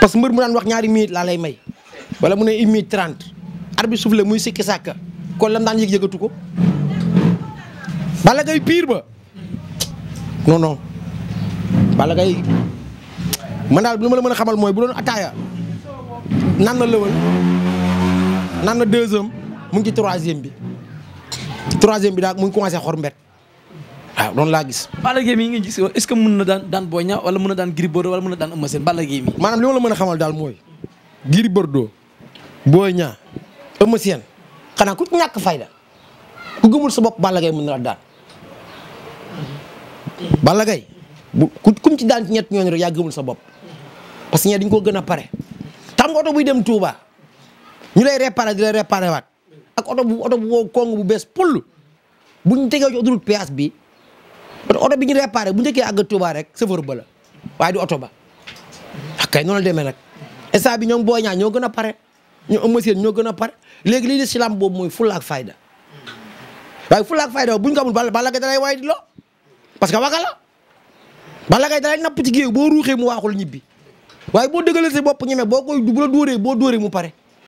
parce que mbër mu daan wax ñaari mii laa lay may wala mu ne une minute trente arbitre souffle muy sikki sàkka kon lam daan yëg yëgatu ko Balla Gaye pire ba non non Balla Gaye daal lu ma la mën a xamal mooy bu doon ataaya naan na lëwal naan na deuxième mu ngi ci troisième bi troisième bi daal mu ngi commencé xor waaw loolu laa gis Balla Gaye mi nga gis est-ce que mën na daan daan Boy Niang wala na daan Gris Bordeaux wala mën na daan Eumeu Sène mi maanaam li ma la mën a xamal daal mooy Gris Bordeaux Boy Niang Eumeu Sène xanaa ku ñàkk fayda ku gëmul sa bopp Balla Gaye mën na la daan Balla Gaye kum ci daan ci ñett ñooñu rek yaa gëmul sa bopp parce que ñee dañu ko gën a pare tam nga oto buy dem Touba ñu lay réparé di lay réparé waat oto bu oto bu wow kong bu bees pull buñ tegee ci autoroute péage bi parce oto bi ñu réparé bu njëkkee àgg Touba rek chauffeur ba la waaye du oto ba ak ah, kay la demee nag instant bi ñoom booy ñaa ñoo gën a pare ñoo ëmb seen ñoo gën a pare léegi lii lislaam boobu mooy fulla ak fayda waaye fulla ak fayda buñ ko amul bala bala nga dalay waay di lo parce que waga la bala ngay dalay napp ci boo ruuxee mu waaxul ñibbi waaye boo dëgalee sa bopp ñeme boo koy bu la dóoree boo dóoree mu pare